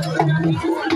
¡Gracias!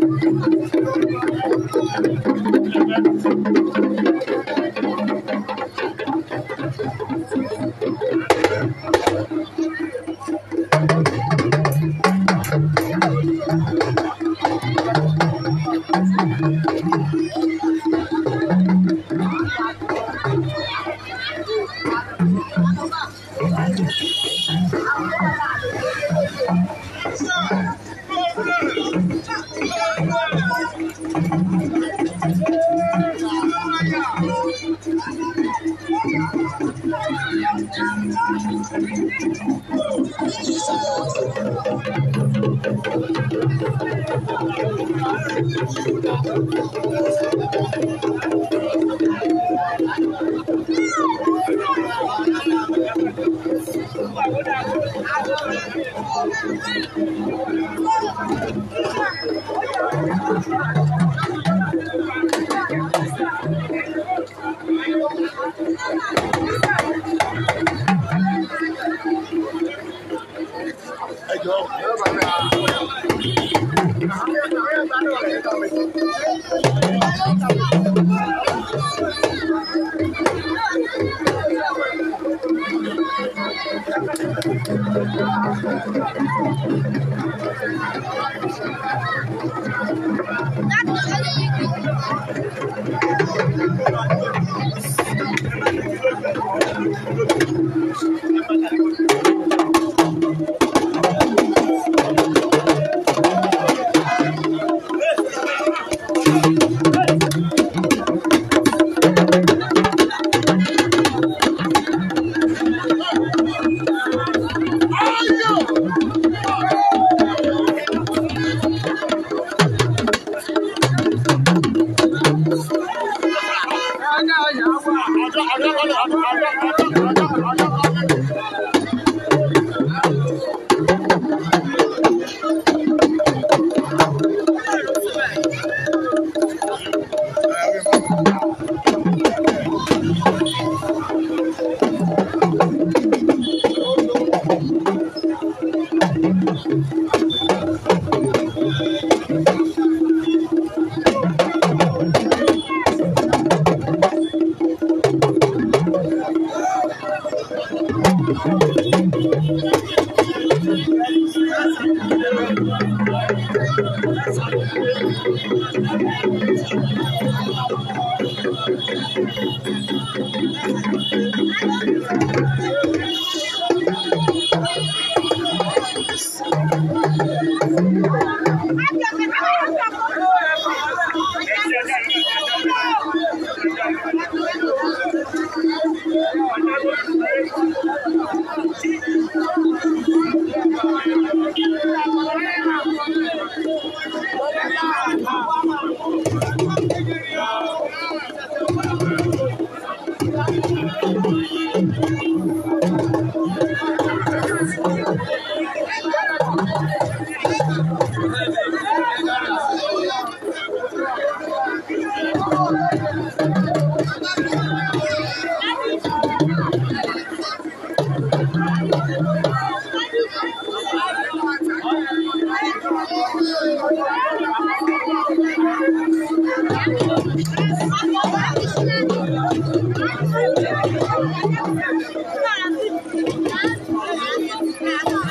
Thank you. Thank you.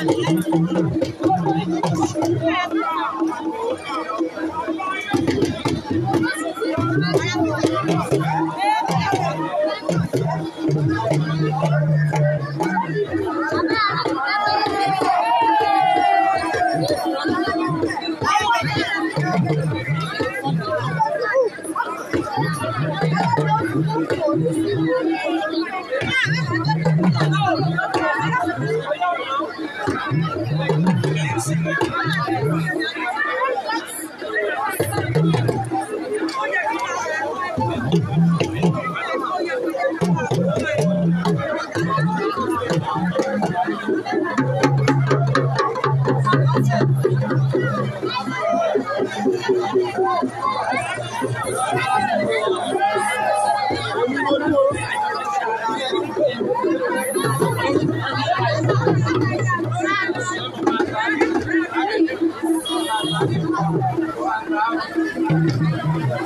Gracias.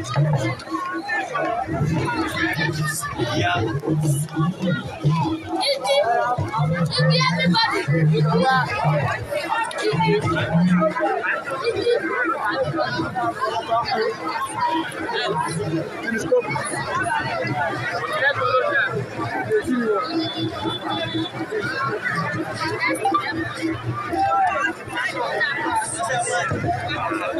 Yeah. everybody. Yeah.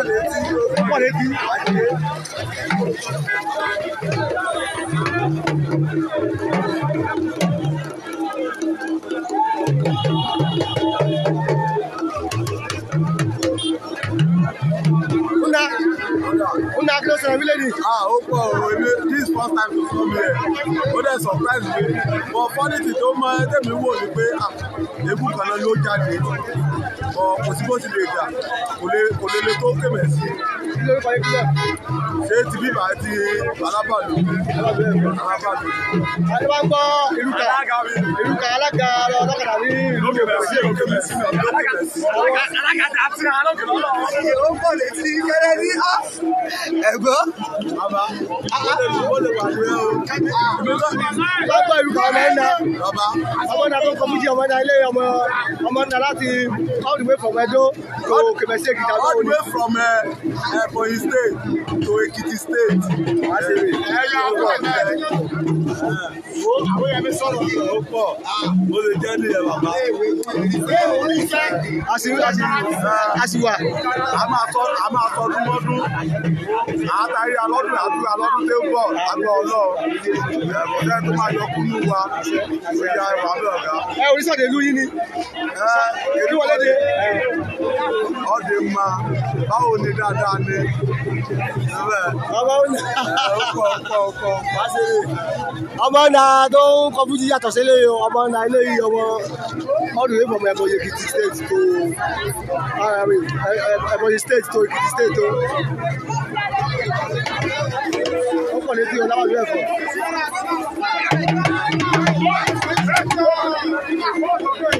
Thank you. ẹ̀mí lẹ́ni. a ó pọ̀ èmi this first time to come here ó dẹ̀ surprise me but fọ́nìtì tó mọ tẹ̀mí wò ni pé èébú kan náà ló jáde but kò sí bó ti lè jà kò lè le tó kébẹ̀ sí. ṣé ti bíbà ti alábàdàn alábàdàn. àdébà ń gbọ́ ìlúkà ìlúkà alága ọlọ́kadà ní ìlú kébẹ̀ sí ìlú kébẹ̀ sí alága tà á ti rà lọ́kàn lọ́wọ́. ó ń bọ̀ létí kẹ́lẹ́ ní ẹ̀gbọ́n gbọ́. Ọgbà ìrúkọ ọmọ ẹ̀dá. Ọmọ ẹ̀dá tó ń kọmú jí ọmọ ẹ̀dá ilé ọmọ ọmọ ẹ̀dá láti all the way from Edo to Kẹ̀mẹ́ State Ìjà Gbọ́n. All the way from Ebonyi State to Ekiti State. Ẹyà ọkọ ẹ̀dá. Wo àwọn ẹ̀mí sọ̀rọ̀ ó pọ̀. Mo lè jẹ́ ní ẹ̀ bàbá. Àṣìwà. A máa tọdún mọ́dún àtàrí alọ́dún àdúrà alọ́dún tó ń bọ̀ àgbà ọlọ́ọ̀ ọ̀sẹ̀ tó máa yọ kúnú wa ìyá ẹ̀wà lọ́ọ̀gá. ẹ orísàdé ìlú yìí ni. ẹ èdè wọlé de. ọdẹ ma báwo ni dáadáa ni. ọmọ ọkọ ọkọ ọmọ na tó ń kọjú jíjà tọ̀sẹ̀ lé o ọmọ na ilé yìí ọmọ ọdún yìí fọmọ ẹ̀bọ̀ Èkìtì state tó ẹ̀bọ̀ state tó Èkìtì state tó kọ̀ létí o láwọn ìlú ẹ̀kọ́.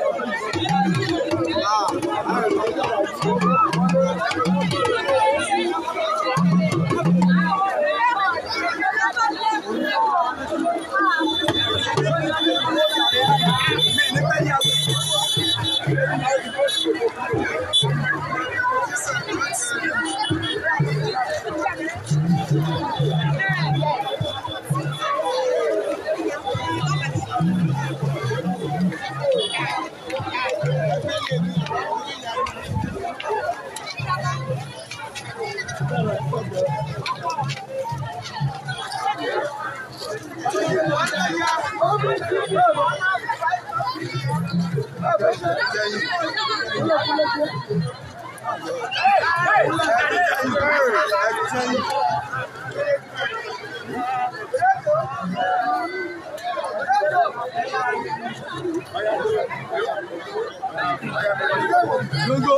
Go, go.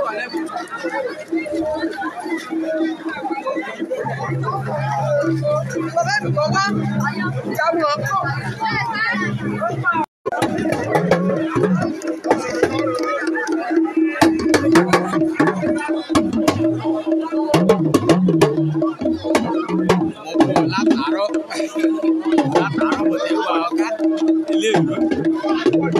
látàárọ̀ látàárọ̀ mo ti wà ọ̀gá ilé ìwé.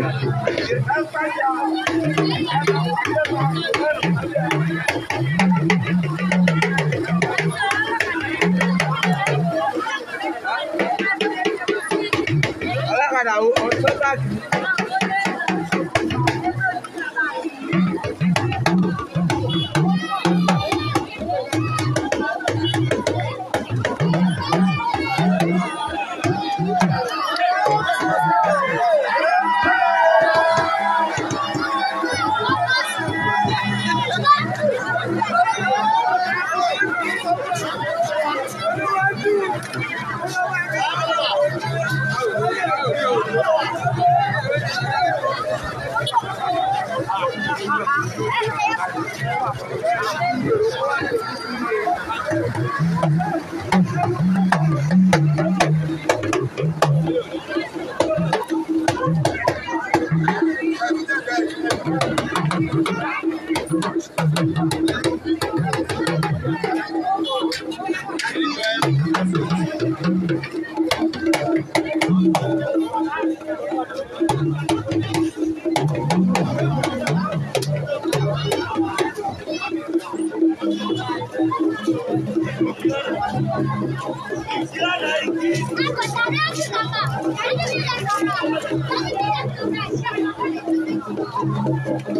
Obrigado.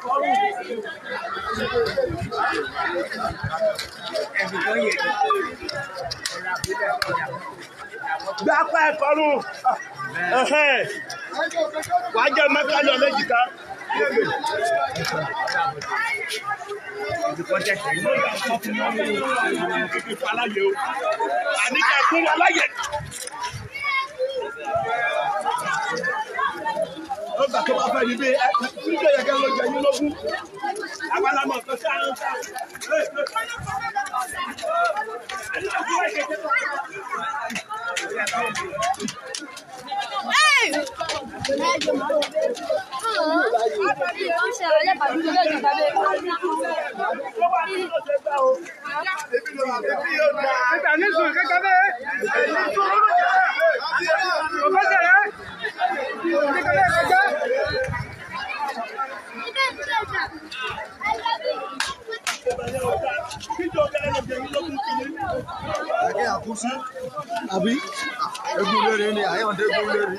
Gba apá ẹ̀kọ́ lù. Wàá jẹ́ mẹ́ta lọ méjì kan. Àníkẹ́ kún wa láyè. ó tó bá fẹ́ ní bí ẹ nígbà yẹ kẹ́ ló jẹ yín lógún àgbàlagbà kan sí àrùn ta. Hey! Àbí? egun ni àyè ọ̀dẹ́ egun lórí.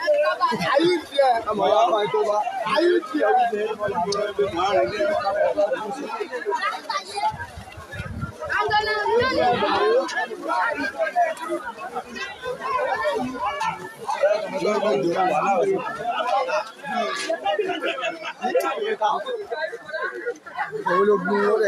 ayé tiẹ̀. ọmọ yà máa tó wa. ayé tiẹ̀. Àwọn ológun lórí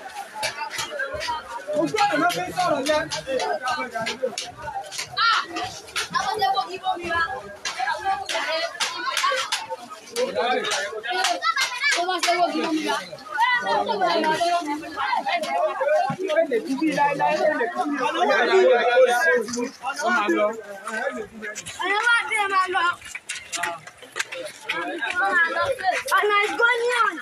ojú ọ̀nà ló fi ń sọ̀rọ̀ yẹn. Ọ̀nà wà bí ẹ máa lọ. Ọ̀nà ìgbóni ọ̀nà.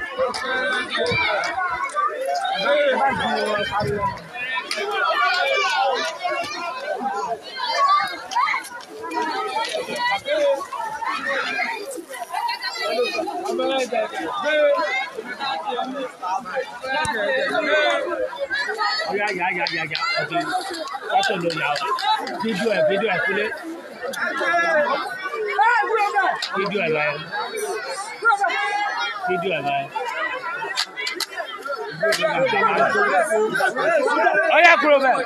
Ọ̀yá yà yà yà yà ọ̀dẹ̀ ọ̀tọ̀ ló yà ọ́. Fídíò ẹ̀ fídíò ẹ̀ fúlé. Fídíò ẹ̀ láyé. Fídíò ẹ̀ láyé. Ó yá kúrò bẹ́ẹ̀.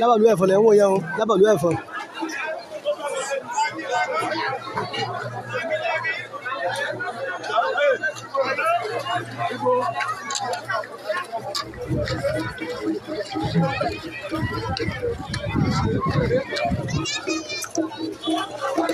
lábàlú ẹ̀fọn lẹ́ ń wò yẹn o lábàlú ẹ̀fọn. Thank you.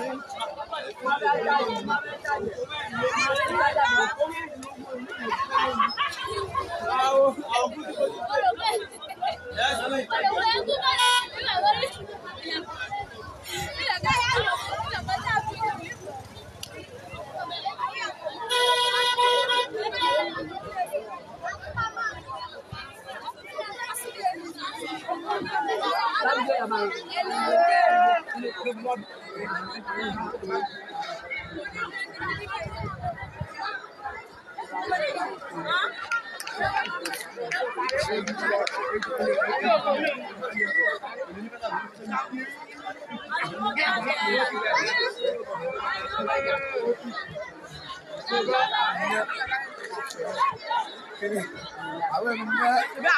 ni. Ìgbà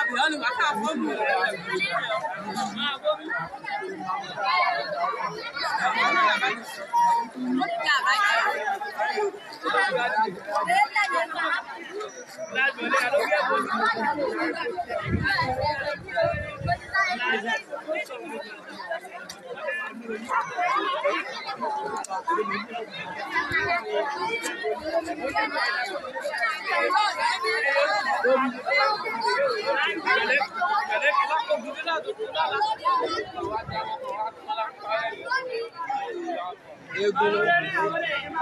àbúrò ni wàá ká fọ́ọ̀mù rẹ̀.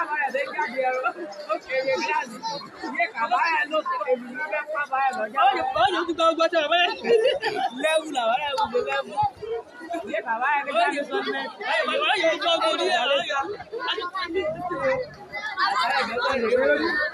kábàárà lè jáde ẹ̀rọ ó kéré gíláàsì yé kábàárà ló èmi ní bẹ́ẹ̀ kábàárà lọ́jà. ó yóò tún gbọ́ gbọ́tọ̀ rẹ lẹ́wù làwọn ẹ̀wù lè lẹ́wù. yé kábàárà lè jáde sọ́nẹ́. ó yóò tún gbọ́ gbọ́tọ̀ rẹ lọ́jà.